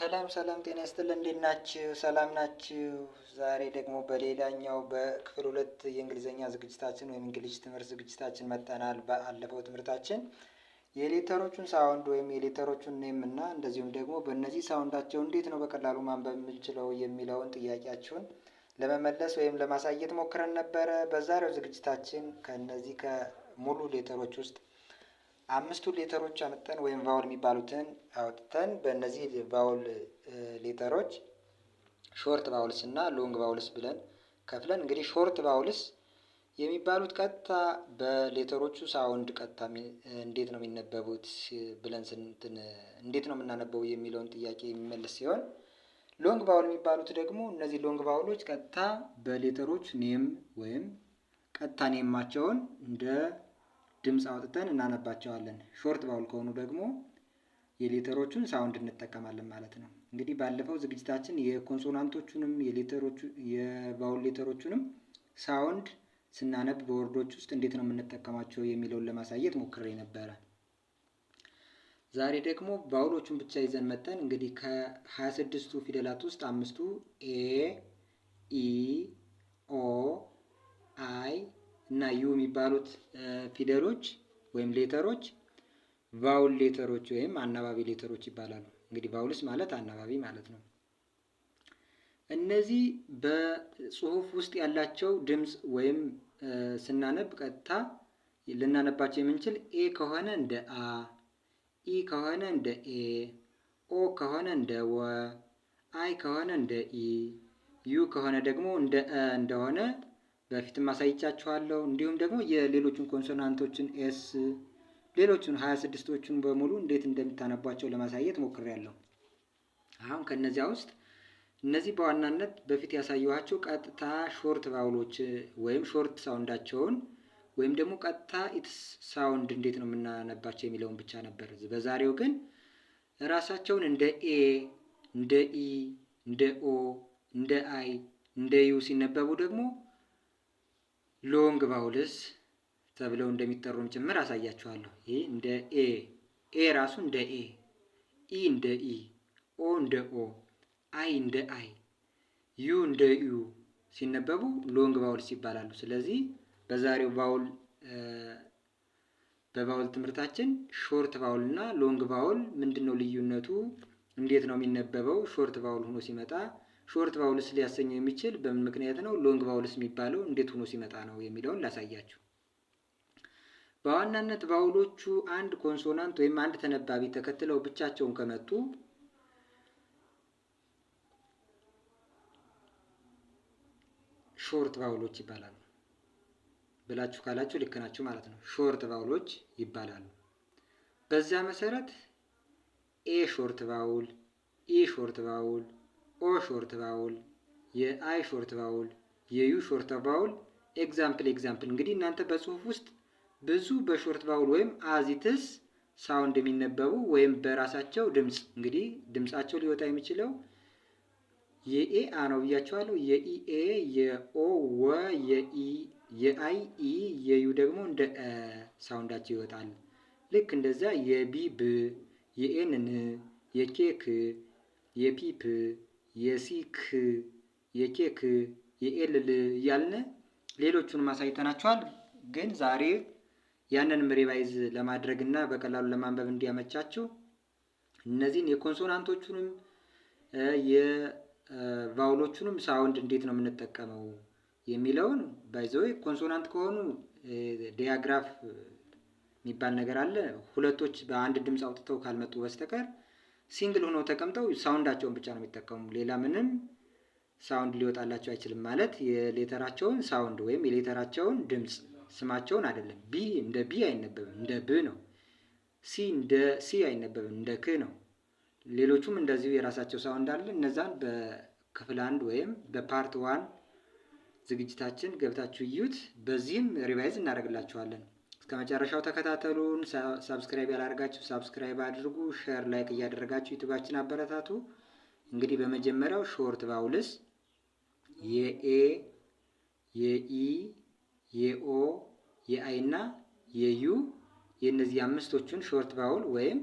ሰላም ሰላም፣ ጤና ይስጥልን። እንዴት ናችሁ? ሰላም ናችሁ? ዛሬ ደግሞ በሌላኛው በክፍል ሁለት የእንግሊዝኛ ዝግጅታችን ወይም እንግሊዝ ትምህርት ዝግጅታችን መጠናል። ባለፈው ትምህርታችን የሌተሮቹን ሳውንድ ወይም የሌተሮቹን ኔም እና እንደዚሁም ደግሞ በእነዚህ ሳውንዳቸው እንዴት ነው በቀላሉ ማንበብ የምንችለው የሚለውን ጥያቄያችሁን ለመመለስ ወይም ለማሳየት ሞክረን ነበረ። በዛሬው ዝግጅታችን ከእነዚህ ከሙሉ ሌተሮች ውስጥ አምስቱ ሌተሮች አመጠን ወይም ቫውል የሚባሉትን አውጥተን በእነዚህ ቫውል ሌተሮች ሾርት ቫውልስ እና ሎንግ ቫውልስ ብለን ከፍለን እንግዲህ ሾርት ቫውልስ የሚባሉት ቀጥታ በሌተሮቹ ሳውንድ ቀጥታ እንዴት ነው የሚነበቡት ብለን ስንትን እንዴት ነው የምናነበቡ የሚለውን ጥያቄ የሚመልስ ሲሆን ሎንግ ቫውል የሚባሉት ደግሞ እነዚህ ሎንግ ቫውሎች ቀጥታ በሌተሮች ኔም ወይም ቀጥታ ኔማቸውን እንደ ድምፅ አውጥተን እናነባቸዋለን። ሾርት ባውል ከሆኑ ደግሞ የሌተሮቹን ሳውንድ እንጠቀማለን ማለት ነው። እንግዲህ ባለፈው ዝግጅታችን የኮንሶናንቶቹንም የባውል ሌተሮቹንም ሳውንድ ስናነብ በወርዶች ውስጥ እንዴት ነው የምንጠቀማቸው የሚለውን ለማሳየት ሞክሬ ነበረ። ዛሬ ደግሞ ባውሎቹን ብቻ ይዘን መጠን እንግዲህ ከሀያ ስድስቱ ፊደላት ውስጥ አምስቱ ኤ ኢ ኦ አይ እና ዩ የሚባሉት ፊደሎች ወይም ሌተሮች ቫውል ሌተሮች ወይም አናባቢ ሌተሮች ይባላሉ። እንግዲህ ቫውልስ ማለት አናባቢ ማለት ነው። እነዚህ በጽሁፍ ውስጥ ያላቸው ድምፅ ወይም ስናነብ ቀጥታ ልናነባቸው የምንችል ኤ ከሆነ እንደ አ፣ ኢ ከሆነ እንደ ኤ፣ ኦ ከሆነ እንደ ወ፣ አይ ከሆነ እንደ ኢ፣ ዩ ከሆነ ደግሞ እንደ እ እንደሆነ በፊትም አሳይቻችኋለሁ። እንዲሁም ደግሞ የሌሎቹን ኮንሶናንቶችን ኤስ ሌሎቹን ሀያ ስድስቶቹን በሙሉ እንዴት እንደምታነቧቸው ለማሳየት ሞክሬያለሁ። አሁን ከእነዚያ ውስጥ እነዚህ በዋናነት በፊት ያሳየኋቸው ቀጥታ ሾርት ቫውሎች ወይም ሾርት ሳውንዳቸውን ወይም ደግሞ ቀጥታ ኢትስ ሳውንድ እንዴት ነው የምናነባቸው የሚለውን ብቻ ነበር። በዛሬው ግን ራሳቸውን እንደ ኤ፣ እንደ ኢ፣ እንደ ኦ፣ እንደ አይ፣ እንደ ዩ ሲነበቡ ደግሞ ሎንግ ቫውልስ ተብለው እንደሚጠሩም ጭምር አሳያችኋለሁ። ይህ እንደ ኤ ኤ ራሱ እንደ ኤ፣ ኢ እንደ ኢ፣ ኦ እንደ ኦ፣ አይ እንደ አይ፣ ዩ እንደ ዩ ሲነበቡ ሎንግ ቫውልስ ይባላሉ። ስለዚህ በዛሬው ቫውል በቫውል ትምህርታችን ሾርት ቫውል እና ሎንግ ቫውል ምንድን ነው ልዩነቱ? እንዴት ነው የሚነበበው? ሾርት ቫውል ሆኖ ሲመጣ ሾርት ቫውልስ ሊያሰኘው የሚችል በምን ምክንያት ነው? ሎንግ ቫውልስ የሚባለው እንዴት ሆኖ ሲመጣ ነው የሚለውን ላሳያችሁ። በዋናነት ቫውሎቹ አንድ ኮንሶናንት ወይም አንድ ተነባቢ ተከትለው ብቻቸውን ከመጡ ሾርት ቫውሎች ይባላሉ ብላችሁ ካላችሁ ልክ ናችሁ ማለት ነው። ሾርት ቫውሎች ይባላሉ። በዛ መሰረት ኤ ሾርት ቫውል፣ ኢ ሾርት ቫውል ኦ ሾርት ቫውል፣ የአይ ሾርት ቫውል፣ የዩ ሾርት ቫውል ኤግዛምፕል ኤግዛምፕል እንግዲህ እናንተ በጽሁፍ ውስጥ ብዙ በሾርት ቫውል ወይም አዚትስ ሳውንድ የሚነበቡ ወይም በራሳቸው ድምፅ እንግዲህ ድምፃቸው ሊወጣ የሚችለው የኤ አ ነው ብያቸዋለሁ። የኢኤ የኦ ወ የኢ የአይ ኢ የዩ ደግሞ እንደ ሳውንዳቸው ይወጣል። ልክ እንደዚያ የቢ ብ የኤን ን የኬክ የፒፕ የሲክ የኬክ የኤልል እያልን ሌሎቹን ማሳይተናቸዋል። ግን ዛሬ ያንን ሪቫይዝ ለማድረግ እና በቀላሉ ለማንበብ እንዲያመቻችው እነዚህን የኮንሶናንቶቹንም የቫውሎቹንም ሳውንድ እንዴት ነው የምንጠቀመው የሚለውን ባይዘወ ኮንሶናንት ከሆኑ ዲያግራፍ የሚባል ነገር አለ። ሁለቶች በአንድ ድምፅ አውጥተው ካልመጡ በስተቀር ሲንግል ሆኖ ተቀምጠው ሳውንዳቸውን ብቻ ነው የሚጠቀሙ። ሌላ ምንም ሳውንድ ሊወጣላቸው አይችልም። ማለት የሌተራቸውን ሳውንድ ወይም የሌተራቸውን ድምፅ ስማቸውን አይደለም። ቢ እንደ ቢ አይነበብም፣ እንደ ብ ነው። ሲ እንደ ሲ አይነበብም፣ እንደ ክ ነው። ሌሎቹም እንደዚሁ የራሳቸው ሳውንድ አለ። እነዛን በክፍል አንድ ወይም በፓርት ዋን ዝግጅታችን ገብታችሁ እዩት። በዚህም ሪቫይዝ እናደርግላችኋለን። እስከ መጨረሻው ተከታተሉን። ሳብስክራይብ ያላደርጋችሁ ሳብስክራይብ አድርጉ። ሼር፣ ላይክ እያደረጋችሁ ዩቱባችን አበረታቱ። እንግዲህ በመጀመሪያው ሾርት ቫውልስ የኤ የኢ የኦ የአይ እና የዩ የእነዚህ አምስቶቹን ሾርት ቫውል ወይም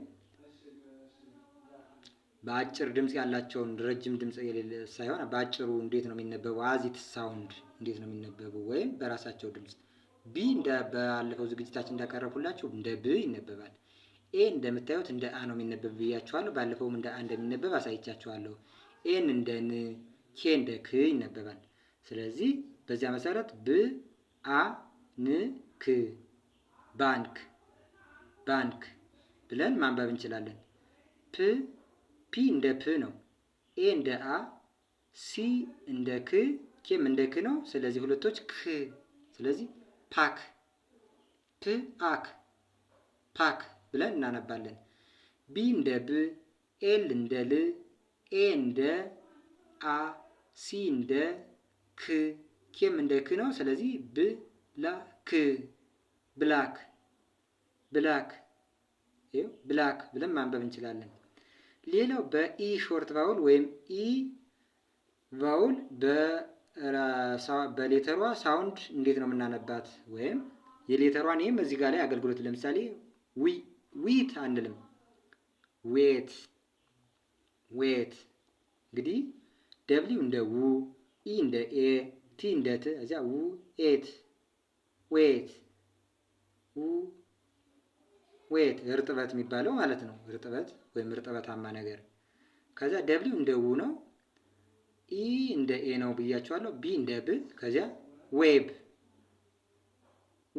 በአጭር ድምፅ ያላቸውን ረጅም ድምፅ የሌለ ሳይሆን በአጭሩ እንዴት ነው የሚነበቡ? አዚት ሳውንድ እንዴት ነው የሚነበቡ? ወይም በራሳቸው ድምፅ ቢ እንደ ባለፈው ዝግጅታችን እንዳቀረብኩላችሁ እንደ ብ ይነበባል። ኤ እንደምታዩት እንደ አ ነው የሚነበብ ብያችኋለሁ። ባለፈውም እንደ አ እንደሚነበብ አሳይቻችኋለሁ። ኤን እንደ ን፣ ኬ እንደ ክ ይነበባል። ስለዚህ በዚያ መሰረት ብ አ ን ክ ባንክ ባንክ ብለን ማንበብ እንችላለን። ፕ ፒ እንደ ፕ ነው። ኤ እንደ አ፣ ሲ እንደ ክ፣ ኬም እንደ ክ ነው። ስለዚህ ሁለቶች ክ ስለዚህ ፓክ ፕ አክ ፓክ ብለን እናነባለን። ቢ እንደ ብ፣ ኤል እንደ ል፣ ኤ እንደ አ፣ ሲ እንደ ክ፣ ኬም እንደ ክ ነው። ስለዚህ ብላክ ብላክ ብላክ ብላክ ብለን ማንበብ እንችላለን። ሌላው በኢ ሾርት ቫውል ወይም ኢ ቫውል በ በሌተሯ ሳውንድ እንዴት ነው የምናነባት? ወይም የሌተሯን ይህም እዚህ ጋር ላይ አገልግሎት ለምሳሌ ዊት አንልም፣ ዌት ዌት። እንግዲህ ደብሊው እንደ ው፣ ኢ እንደ ኤ፣ ቲ እንደ ት፣ እዚያ ው ኤት ዌት ዌት እርጥበት የሚባለው ማለት ነው። እርጥበት ወይም እርጥበታማ ነገር። ከዛ ደብሊው እንደ ው ነው ኢ እንደ ኤ ነው ብያቸዋለሁ። ቢ እንደ ብ፣ ከዚያ ዌብ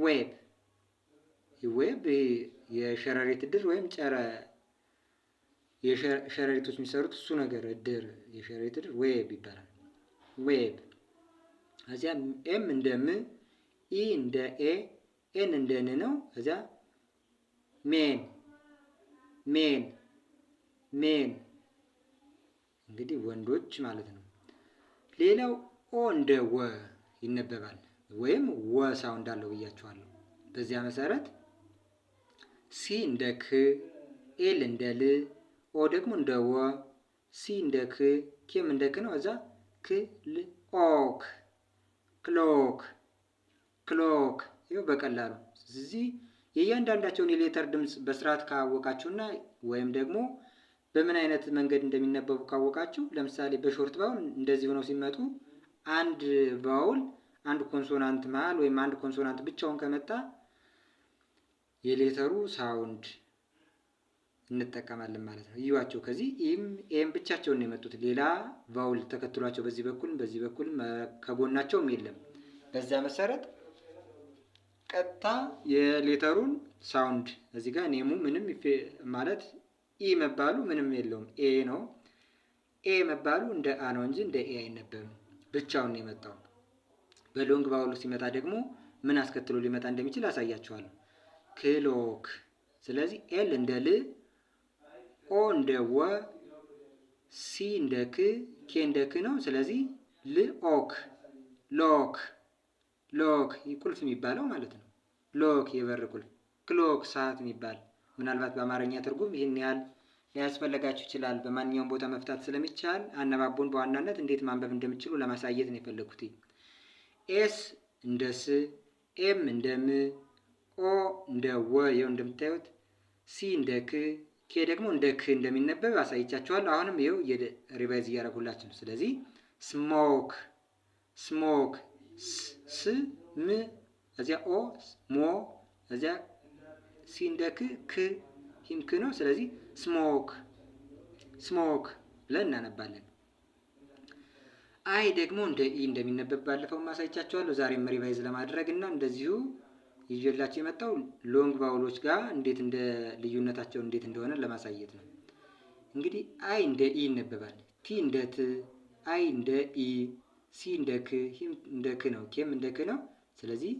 ዌብ ዌብ የሸረሪት እድር ወይም ጨረ የሸረሪቶች የሚሰሩት እሱ ነገር እድር የሸረሪት ድር ዌብ ይባላል። ዌብ ከዚያ ኤም እንደ ም፣ ኢ እንደ ኤ፣ ኤን እንደ ን ነው። ከዚያ ሜን ሜን ሜን እንግዲህ ወንዶች ማለት ነው። ሌላው ኦ እንደ ወ ይነበባል ወይም ወ ሳውንድ አለው ብያቸዋለሁ። በዚያ መሰረት ሲ እንደ ክ፣ ኤል እንደ ል፣ ኦ ደግሞ እንደ ወ፣ ሲ እንደ ክ፣ ኬም እንደ ክ ነው። እዛ ክ ል ኦክ፣ ክሎክ፣ ክሎክ። ይኸው በቀላሉ እዚህ የእያንዳንዳቸውን የሌተር ድምፅ በስርዓት ካወቃችሁና ወይም ደግሞ በምን አይነት መንገድ እንደሚነበቡ ካወቃችሁ፣ ለምሳሌ በሾርት ባውል እንደዚህ ሆነው ሲመጡ አንድ ባውል አንድ ኮንሶናንት መሀል ወይም አንድ ኮንሶናንት ብቻውን ከመጣ የሌተሩ ሳውንድ እንጠቀማለን ማለት ነው። እዩዋቸው። ከዚህ ኢም ኤም ብቻቸውን ነው የመጡት። ሌላ ቫውል ተከትሏቸው በዚህ በኩል በዚህ በኩል ከጎናቸውም የለም። በዛ መሰረት ቀጥታ የሌተሩን ሳውንድ እዚህ ጋር ኔሙ ምንም ማለት ኢ መባሉ ምንም የለውም፣ ኤ ነው። ኤ መባሉ እንደ አ ነው እንጂ እንደ ኤ አይነበብም። ብቻውን ነው የመጣው። በሎንግ ባውሉ ሲመጣ ደግሞ ምን አስከትሎ ሊመጣ እንደሚችል አሳያችኋለሁ። ክሎክ። ስለዚህ ኤል እንደ ል፣ ኦ እንደ ወ፣ ሲ እንደ ክ፣ ኬ እንደ ክ ነው። ስለዚህ ል ኦክ፣ ሎክ፣ ሎክ ቁልፍ የሚባለው ማለት ነው። ሎክ የበር ቁልፍ፣ ክሎክ ሰዓት የሚባል ምናልባት በአማርኛ ትርጉም ይህን ያህል ሊያስፈልጋችሁ ይችላል። በማንኛውም ቦታ መፍታት ስለሚቻል አነባቡን በዋናነት እንዴት ማንበብ እንደምችሉ ለማሳየት ነው የፈለግኩት። ኤስ እንደ ስ፣ ኤም እንደ ም፣ ኦ እንደ ወ ይኸው እንደምታዩት፣ ሲ እንደ ክ፣ ኬ ደግሞ እንደ ክ እንደሚነበብ አሳይቻችኋል። አሁንም ይኸው ሪቫይዝ እያደረጉላችሁ ነው። ስለዚህ ስሞክ ስሞክ፣ ስ ም፣ እዚያ ኦ ሞ፣ እዚያ ሲንደክ ክ ሂንክ ነው። ስለዚህ ስሞክ ስሞክ ብለን እናነባለን። አይ ደግሞ እንደ ኢ እንደሚነበብ ባለፈው ማሳይቻቸዋለሁ። ዛሬም ሪቫይዝ ለማድረግ እና እንደዚሁ ይዤላቸው የመጣው ሎንግ ባውሎች ጋር እንዴት እንደ ልዩነታቸው እንዴት እንደሆነ ለማሳየት ነው። እንግዲህ አይ እንደ ኢ ይነበባል። ቲ እንደ ት፣ አይ እንደ ኢ፣ ሲ እንደ ክ፣ ሂም እንደ ክ ነው፣ ኬም እንደ ክ ነው። ስለዚህ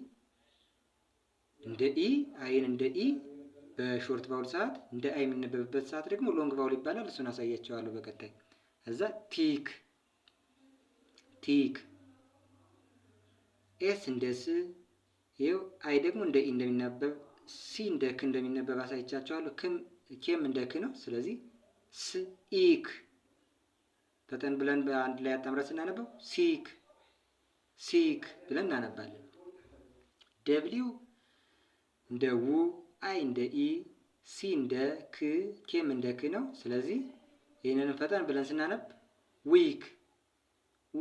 እንደ ኢ አይን እንደ ኢ በሾርት ቫውል ሰዓት እንደ አይ የሚነበብበት ሰዓት ደግሞ ሎንግ ቫውል ይባላል። እሱን አሳያቸዋለሁ በቀጣይ። እዛ ቲክ ቲክ ኤስ እንደ ስ ይኸው አይ ደግሞ እንደ ኢ እንደሚነበብ ሲ እንደ ክ እንደሚነበብ አሳይቻቸዋለሁ። ክም ኬም እንደ ክ ነው። ስለዚህ ስኢክ ፈጠን ብለን በአንድ ላይ አጣምረ ስናነበው ሲክ ሲክ ብለን እናነባለን። ደብሊው እንደ ው፣ አይ እንደ ኢ፣ ሲ እንደ ክ፣ ኬም እንደ ክ ነው። ስለዚህ ይህንንም ፈጠን ብለን ስናነብ ዊክ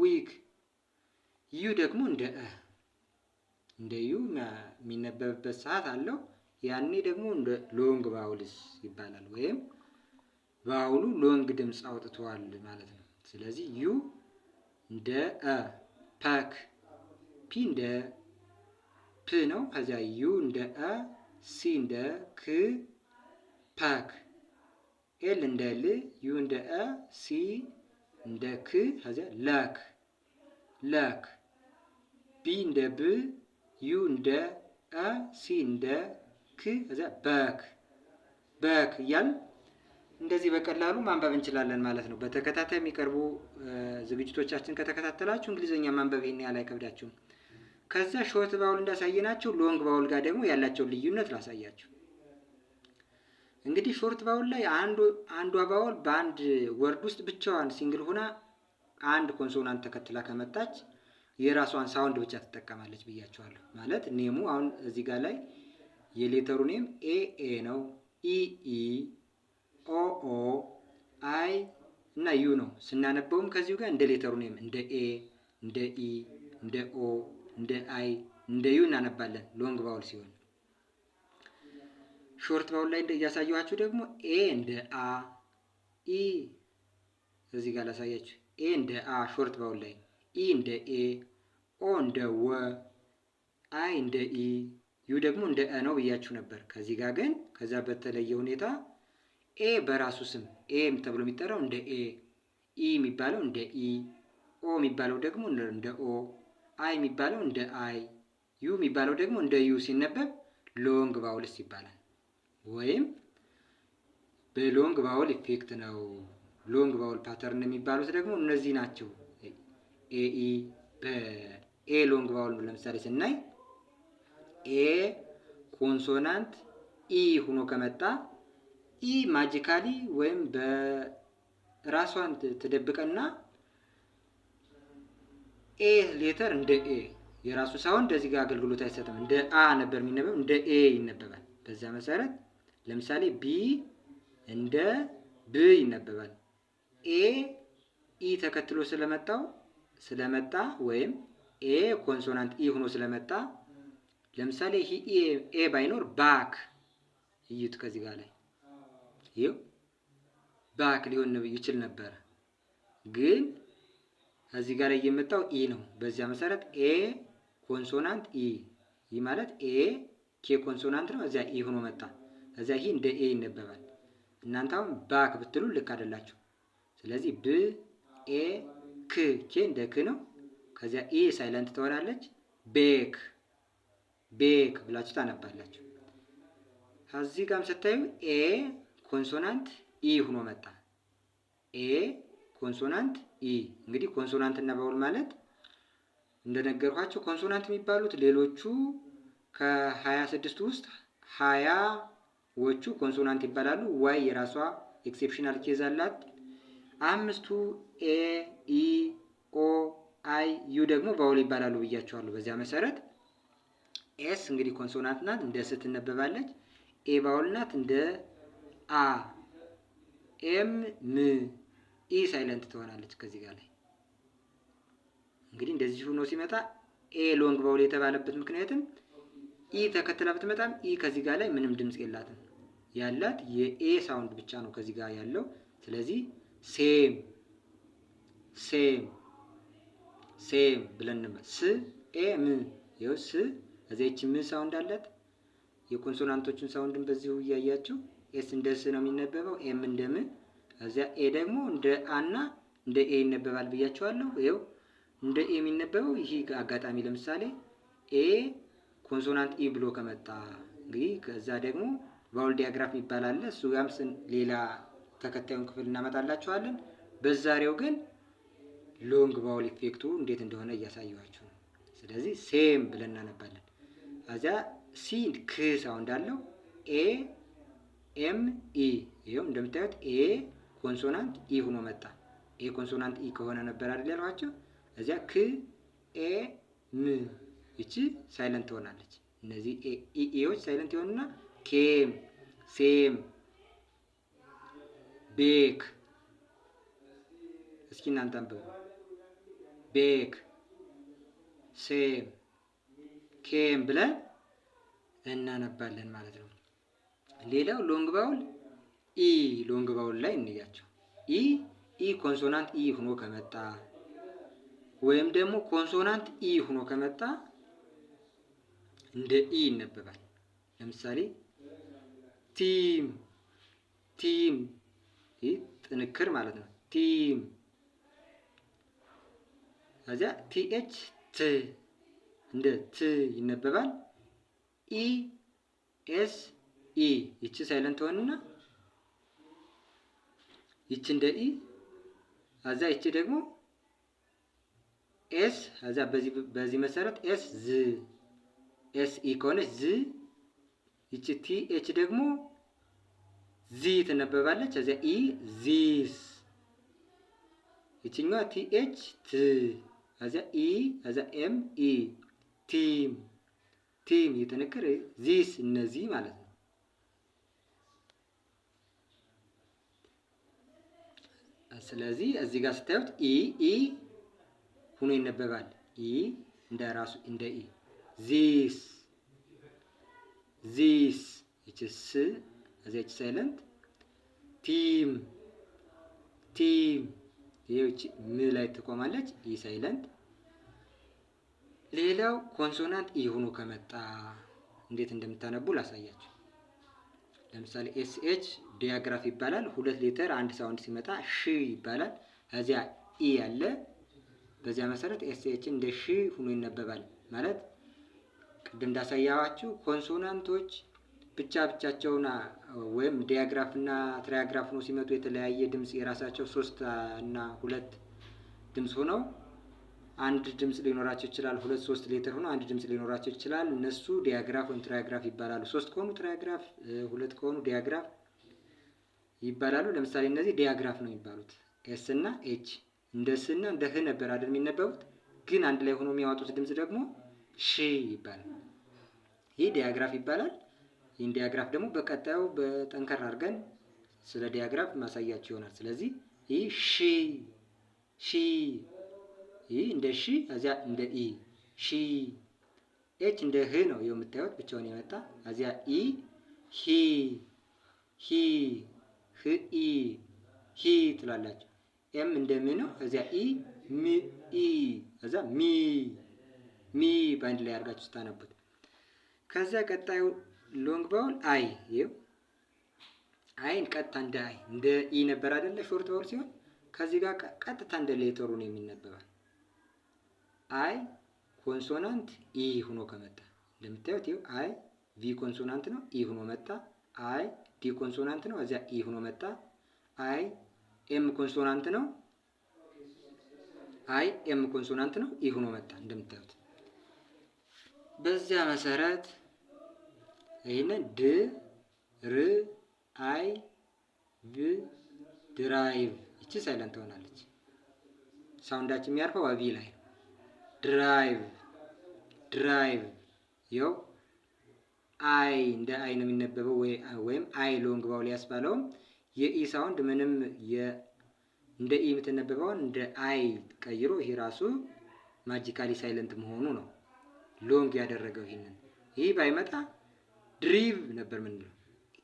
ዊክ። ዩ ደግሞ እንደ እ እንደ ዩ የሚነበብበት ሰዓት አለው። ያኔ ደግሞ እንደ ሎንግ ባውልስ ይባላል ወይም ባውሉ ሎንግ ድምፅ አውጥተዋል ማለት ነው። ስለዚህ ዩ እንደ አ ፓክ ፒ እንደ ፕ ነው። ከዚያ ዩ እንደ አ፣ ሲ እንደ ክ፣ ፓክ። ኤል እንደ ል፣ ዩ እንደ አ፣ ሲ እንደ ክ፣ ከዚያ ላክ ላክ። ቢ እንደ ብ፣ ዩ እንደ አ፣ ሲ እንደ ክ፣ ከዚያ ባክ ባክ እያል እንደዚህ በቀላሉ ማንበብ እንችላለን ማለት ነው። በተከታታይ የሚቀርቡ ዝግጅቶቻችን ከተከታተላችሁ እንግሊዝኛ ማንበብ ይህን ያህል አይከብዳችሁም። ከዛ ሾርት ባውል እንዳሳየናቸው ሎንግ ባውል ጋር ደግሞ ያላቸውን ልዩነት ላሳያቸው። እንግዲህ ሾርት ባውል ላይ አንዷ ባውል በአንድ ወርድ ውስጥ ብቻዋን ሲንግል ሆና አንድ ኮንሶናንት ተከትላ ከመጣች የራሷን ሳውንድ ብቻ ትጠቀማለች ብያቸዋለሁ። ማለት ኔሙ አሁን እዚህ ጋር ላይ የሌተሩ ኔም ኤ ኤ ነው፣ ኢ ኢ፣ ኦ ኦ፣ አይ እና ዩ ነው። ስናነበውም ከዚሁ ጋር እንደ ሌተሩ ኔም እንደ ኤ፣ እንደ ኢ፣ እንደ ኦ እንደ አይ እንደ ዩ እናነባለን ሎንግ ቫውል ሲሆን ሾርት ቫውል ላይ እያሳየኋችሁ ደግሞ ኤ እንደ አ ኢ እዚህ ጋር ላሳያችሁ ኤ እንደ አ ሾርት ቫውል ላይ ኢ እንደ ኤ ኦ እንደ ወ አይ እንደ ኢ ዩ ደግሞ እንደ አ ነው ብያችሁ ነበር። ከዚህ ጋር ግን ከዛ በተለየ ሁኔታ ኤ በራሱ ስም ኤ ተብሎ የሚጠራው እንደ ኤ ኢ የሚባለው እንደ ኢ ኦ የሚባለው ደግሞ እንደ ኦ አይ የሚባለው እንደ አይ፣ ዩ የሚባለው ደግሞ እንደ ዩ ሲነበብ ሎንግ ቫውልስ ይባላል። ወይም በሎንግ ቫውል ኢፌክት ነው። ሎንግ ቫውል ፓተርን የሚባሉት ደግሞ እነዚህ ናቸው። ኤኢ በኤ ሎንግ ቫውል ለምሳሌ ስናይ ኤ ኮንሶናንት ኢ ሆኖ ከመጣ ኢ ማጂካሊ ወይም በራሷን ትደብቀና ኤ ሌተር እንደ ኤ የራሱ ሳይሆን እንደዚህ ጋር አገልግሎት አይሰጥም። እንደ አ ነበር የሚነበብ እንደ ኤ ይነበባል። በዛ መሰረት ለምሳሌ ቢ እንደ ብ ይነበባል። ኤ ኢ ተከትሎ ስለመጣው ስለመጣ ወይም ኤ ኮንሶናንት ኢ ሆኖ ስለመጣ ለምሳሌ ኤ ባይኖር ባክ እዩት። ከዚህ ጋር ላይ ይኸው ባክ ሊሆን ይችል ነበር ግን እዚህ ጋር የመጣው ኢ ነው። በዚያ መሰረት ኤ ኮንሶናንት ኢ ይህ ማለት ኤ ኬ ኮንሶናንት ነው። እዚያ ኢ ሆኖ መጣ። እዚያ ይህ እንደ ኤ ይነበባል። እናንተ አሁን ባክ ብትሉ ልክ አይደላችሁ። ስለዚህ ብ ኤ ክ ኬ እንደ ክ ነው። ከዚያ ኢ ሳይለንት ትሆናለች። ቤክ ቤክ ብላችሁ ታነባላችሁ። እዚህ ጋርም ስታዩ ኤ ኮንሶናንት ኢ ሆኖ መጣ ኤ ኮንሶናንት ኢ። እንግዲህ ኮንሶናንት እና ባውል ማለት እንደነገርኳቸው ኮንሶናንት የሚባሉት ሌሎቹ ከሀያ ስድስት ውስጥ ሀያዎቹ ኮንሶናንት ይባላሉ። ዋይ የራሷ ኤክሴፕሽናል ኬዝ አላት። አምስቱ ኤ፣ ኢ፣ ኦ፣ አይ፣ ዩ ደግሞ ባውል ይባላሉ ብያቸዋለሁ። በዚያ መሰረት ኤስ እንግዲህ ኮንሶናንት ናት፣ እንደ ስ ትነበባለች። ኤ ባውል ናት፣ እንደ አ። ኤም ም ኢ ሳይለንት ትሆናለች ከዚህ ጋር ላይ እንግዲህ እንደዚህ ሆኖ ሲመጣ ኤ ሎንግ ባውል የተባለበት ምክንያትም ኢ ተከትላ ብትመጣም ኢ ከዚህ ጋር ላይ ምንም ድምፅ የላትም። ያላት የኤ ሳውንድ ብቻ ነው ከዚህ ጋር ያለው። ስለዚህ ሴም ሴም ሴም ብለን ስ ኤ ም ይኸው ስ እዚች ም ሳውንድ አላት። የኮንሶናንቶችን ሳውንድን በዚሁ እያያችሁ ኤስ እንደ ስ ነው የሚነበበው ኤም እንደ ም እዚያ ኤ ደግሞ እንደ አና እንደ ኤ ይነበባል ብያቸዋለሁ። ይኸው እንደ ኤ የሚነበበው ይህ አጋጣሚ ለምሳሌ ኤ ኮንሶናንት ኢ ብሎ ከመጣ እንግዲህ ከዛ ደግሞ ቫውል ዲያግራፍ የሚባል አለ። እሱ ጋም ሌላ ተከታዩን ክፍል እናመጣላችኋለን። በዛሬው ግን ሎንግ ቫውል ኢፌክቱ እንዴት እንደሆነ እያሳየኋችሁ ነው። ስለዚህ ሴም ብለን እናነባለን። እዚያ ሲ ክስ እንዳለው ኤ ኤም ኢ ይኸው እንደምታዩት ኤ ኮንሶናንት ኢ ሆኖ መጣ። ይሄ ኮንሶናንት ኢ ከሆነ ነበር አይደል ያልኋቸው። እዚያ ክ ኤ ም እቺ ሳይለንት ትሆናለች። እነዚህ ኢኤዎች ሳይለንት ይሆኑና ኬም፣ ሴም፣ ቤክ እስኪ እናንተ አንብቡ። ቤክ፣ ሴም፣ ኬም ብለን እናነባለን ማለት ነው። ሌላው ሎንግ ባውል ኢ ሎንግ ባውል ላይ እንያቸው። ኢ ኢ ኮንሶናንት ኢ ሆኖ ከመጣ ወይም ደግሞ ኮንሶናንት ኢ ሆኖ ከመጣ እንደ ኢ ይነበባል። ለምሳሌ ቲም ቲም ጥንክር ማለት ነው። ቲም ከዚያ ቲኤች ት እንደ ት ይነበባል። ኢ ኤስ ኢ ይቺ ሳይለንት ሆንና ይቺ እንደ ኢ አዛ ይቺ ደግሞ ኤስ አዛ በዚህ በዚህ መሰረት ኤስ ዝ ኤስ ኢ ከሆነች ዝ ይቺ ቲ ኤች ደግሞ ዚ ትነበባለች። እዚያ ኢ ዚስ ይችኛዋ ቲ ኤች ት እዚያ ኢ እዚያ ኤም ኢ ቲም ቲም እየተነገረ ዚስ እነዚህ ማለት ነው። ስለዚህ እዚህ ጋር ስታዩት ኢ ኢ ሆኖ ይነበባል። ኢ እንደ ራሱ እንደ ኢ ዚስ ዚስ ይች ስ እዚያች ሳይለንት ቲም ቲም ይህች ም ላይ ትቆማለች። ኢ ሳይለንት ሌላው ኮንሶናንት ኢ ሆኖ ከመጣ እንዴት እንደምታነቡ ላሳያችሁ። ለምሳሌ ኤስ ኤች ዲያግራፍ ይባላል። ሁለት ሌተር አንድ ሳውንድ ሲመጣ ሺ ይባላል። ከዚያ ኢ ያለ በዚያ መሰረት ኤስኤች እንደ ሺ ሁኖ ይነበባል። ማለት ቅድም እንዳሳያዋችሁ ኮንሶናንቶች ብቻ ብቻቸውና ወይም ዲያግራፍ እና ትራያግራፍ ነው ሲመጡ የተለያየ ድምፅ የራሳቸው ሶስት እና ሁለት ድምፅ ሆነው አንድ ድምፅ ሊኖራቸው ይችላል። ሁለት ሶስት ሌተር ሆኖ አንድ ድምፅ ሊኖራቸው ይችላል። እነሱ ዲያግራፍ ወይም ትራያግራፍ ይባላሉ። ሶስት ከሆኑ ትሪያግራፍ፣ ሁለት ከሆኑ ዲያግራፍ ይባላሉ። ለምሳሌ እነዚህ ዲያግራፍ ነው የሚባሉት። ኤስ እና ኤች እንደ ስ እና እንደ ህ ነበር አይደል የሚነበቡት፣ ግን አንድ ላይ ሆኖ የሚያወጡት ድምፅ ደግሞ ሺ ይባላል። ይህ ዲያግራፍ ይባላል። ይህን ዲያግራፍ ደግሞ በቀጣዩ በጠንከር አድርገን ስለ ዲያግራፍ ማሳያቸው ይሆናል። ስለዚህ ይህ ሺ ሺ ይህ እንደ ሺ እዚያ እንደ ኢ ሺ ኤች እንደ ህ ነው የምታዩት ብቻውን የመጣ እዚያ ኢ ሂ ሂ ህ ኢ ሂ ትላላችሁ። ኤም እንደምን ነው። እዚያ ኢ ሚ ኢ እዛ ሚ ሚ በአንድ ላይ አድርጋችሁ ስታነቡት። ከዚያ ቀጣዩ ሎንግ ባውል አይ ይው አይን ቀጥታ እንደ አይ እንደ ኢ ነበር አይደለ? ሾርት ባውል ሲሆን ከዚህ ጋር ቀጥታ እንደ ሌተሩ ነው የሚነበባል። አይ ኮንሶናንት ኢ ሆኖ ከመጣ እንደምታዩት ይው አይ ቪ ኮንሶናንት ነው ኢ ሆኖ መጣ አይ ዲ ኮንሶናንት ነው። እዚያ ኢ ሆኖ መጣ። አይ ኤም ኮንሶናንት ነው። አይ ኤም ኮንሶናንት ነው። ኢ ሆኖ መጣ እንደምታዩት። በዚያ መሰረት ይህንን ድ ር አይ ቭ ድራይቭ ይቺ ሳይለንት ትሆናለች። ሳውንዳችን የሚያርፈው አቪ ላይ ድራይቭ ድራይቭ ይኸው አይ እንደ አይ ነው የሚነበበው ወይም አይ ሎንግ ባውል ያስባለውም የኢ ሳውንድ ምንም እንደ ኢ የምትነበበውን እንደ አይ ቀይሮ ይሄ ራሱ ማጂካሊ ሳይለንት መሆኑ ነው ሎንግ ያደረገው። ይህንን ይህ ባይመጣ ድሪቭ ነበር ምንለው።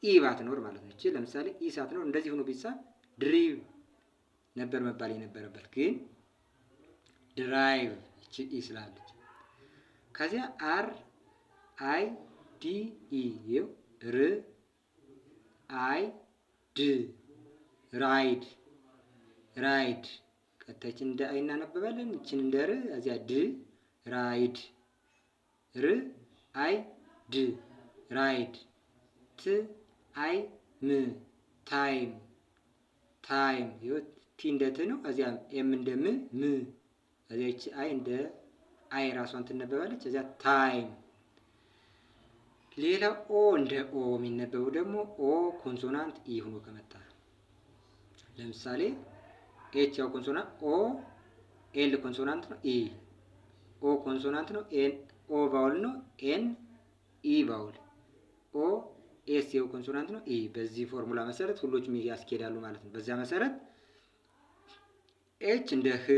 ኢ ባትኖር ማለት እቺ ለምሳሌ ኢ ሳትኖር እንደዚህ ሆኖ ቢሳ ድሪቭ ነበር መባል የነበረበት ግን ድራይቭ እቺ ኢ ስላለች ከዚያ አር አይ ዲ ኢ ር አይ ድ ራይድ ራይድ ቀጥታችን እንደ አይ እናነበባለን እችን እንደ ር እዚያ ድ ራይድ ር አይ ድ ራይድ ት አይ ም ታይም ታይም ቲ እንደ ት ነው። እዚያ ኤም እንደ ም ም እዚያ አይ እንደ አይ ራሷን ትነበባለች። እዚያ ታይም ሌላ ኦ እንደ ኦ የሚነበበው ደግሞ ኦ ኮንሶናንት ኢ ሆኖ ከመጣ ለምሳሌ ኤች ያው ኮንሶናንት ኦ ኤል ኮንሶናንት ነው ኢ ኦ ኮንሶናንት ነው ኤን ኦ ቫውል ነው ኤን ኢ ቫውል ኦ ኤስ ያው ኮንሶናንት ነው ኢ በዚህ ፎርሙላ መሰረት ሁሎችም ያስኬዳሉ ማለት ነው። በዚያ መሰረት ኤች እንደ ህ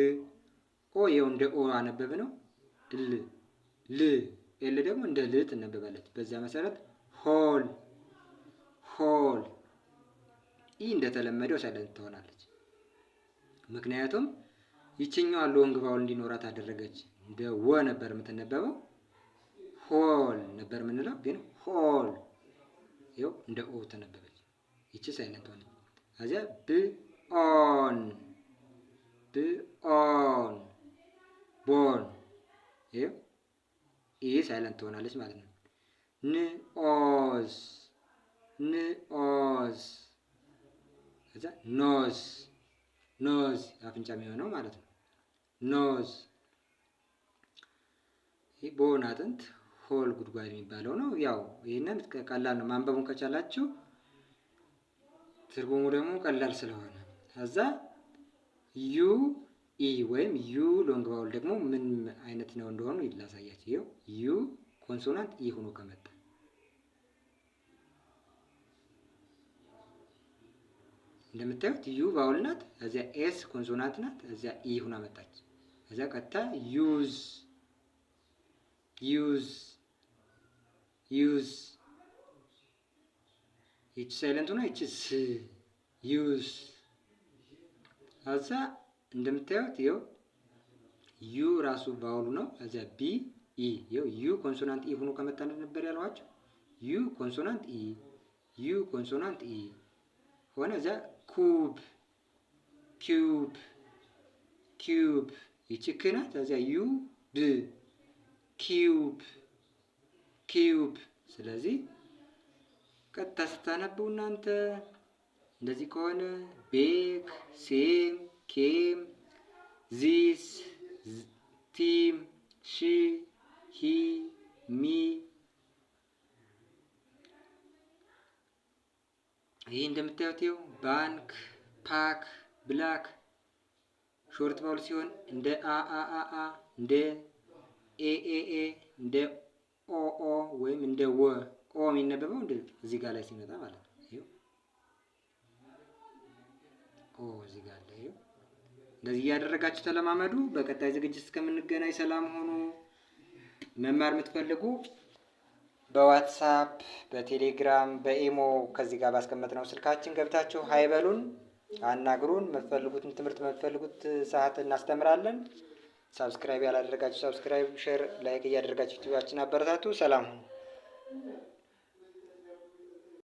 ኦ ያው እንደ ኦ አነበብ ነው ል ል ኤል ደግሞ እንደ ል ትነበባለች። በዚያ መሰረት ሆል ሆል። ኢ እንደተለመደው ሳይለንት ትሆናለች። ምክንያቱም ይችኛዋ ሎንግ ቫውል እንዲኖራት አደረገች። እንደ ወ ነበር የምትነበበው ሆል ነበር የምንለው፣ ግን ሆል ይኸው እንደ ኦ ተነበበች። ይቺ ሳይለንት ሆነች። ከዚያ ብኦን ኦን ቦን ይኸው ይህ ሳይለንት ትሆናለች ማለት ነው። ንኦዝ ንኦዝ ከዛ ኖዝ ኖዝ አፍንጫ የሚሆነው ማለት ነው። ኖዝ ይህ በሆነ አጥንት ሆል ጉድጓድ የሚባለው ነው። ያው ይህንን ቀላል ነው ማንበቡን ከቻላችሁ ትርጉሙ ደግሞ ቀላል ስለሆነ ከዛ ዩ ኢ ወይም ዩ ሎንግ ባውል ደግሞ ምን አይነት ነው እንደሆኑ ላሳያችሁ። ይኸው ዩ ኮንሶናንት ኢ ሆኖ ከመጣ እንደምታዩት ዩ ባውል ናት፣ እዚያ ኤስ ኮንሶናንት ናት፣ እዚያ ኢ ሆና መጣች። እዚያ ቀጥታ ዩዝ ዩዝ ዩዝ ይቺ ሳይለንት ሆና ይቺ ስ ዩዝ እዛ እንደምታዩት ይኸው ዩ ራሱ ቫውሉ ነው። እዚያ ቢ ኢ ይኸው ዩ ኮንሶናንት ኢ ሆኖ ከመጣ እንደነበር ያልኋቸው። ዩ ኮንሶናንት ኢ ዩ ኮንሶናንት ኢ ሆነ። እዚያ ኩብ ኪዩብ ኪዩብ ይቺ ክ ናት። እዚያ ዩ ብ ኪዩብ ኪዩብ። ስለዚህ ቀጥታ ስታነቡ እናንተ እንደዚህ ከሆነ ቤክ ሴም ኬም ዚስ ቲም ሺ ሂ ሚ ይህ እንደምታዩት ባንክ ፓክ ብላክ ሾርት ባውል ሲሆን እንደ አ አ አ አ እንደ ኤ ኤ ኤ እንደ ኦ ኦ ወይም እንደ ወ ኦ የሚነበበው እንደ እዚህ ጋር ላይ ሲመጣ ማለት ነው። ኦ እዚህ ጋር እንደዚህ እያደረጋችሁ ተለማመዱ። በቀጣይ ዝግጅት እስከምንገናኝ ሰላም ሆኑ። መማር የምትፈልጉ በዋትሳፕ፣ በቴሌግራም፣ በኢሞ ከዚህ ጋር ባስቀመጥነው ስልካችን ገብታችሁ ሀይበሉን አናግሩን። የምትፈልጉትን ትምህርት የምትፈልጉት ሰዓት እናስተምራለን። ሳብስክራይብ ያላደረጋችሁ ሳብስክራይብ፣ ሼር፣ ላይክ እያደረጋችሁ ዩቲዩባችን አበረታቱ። ሰላም ሁኑ።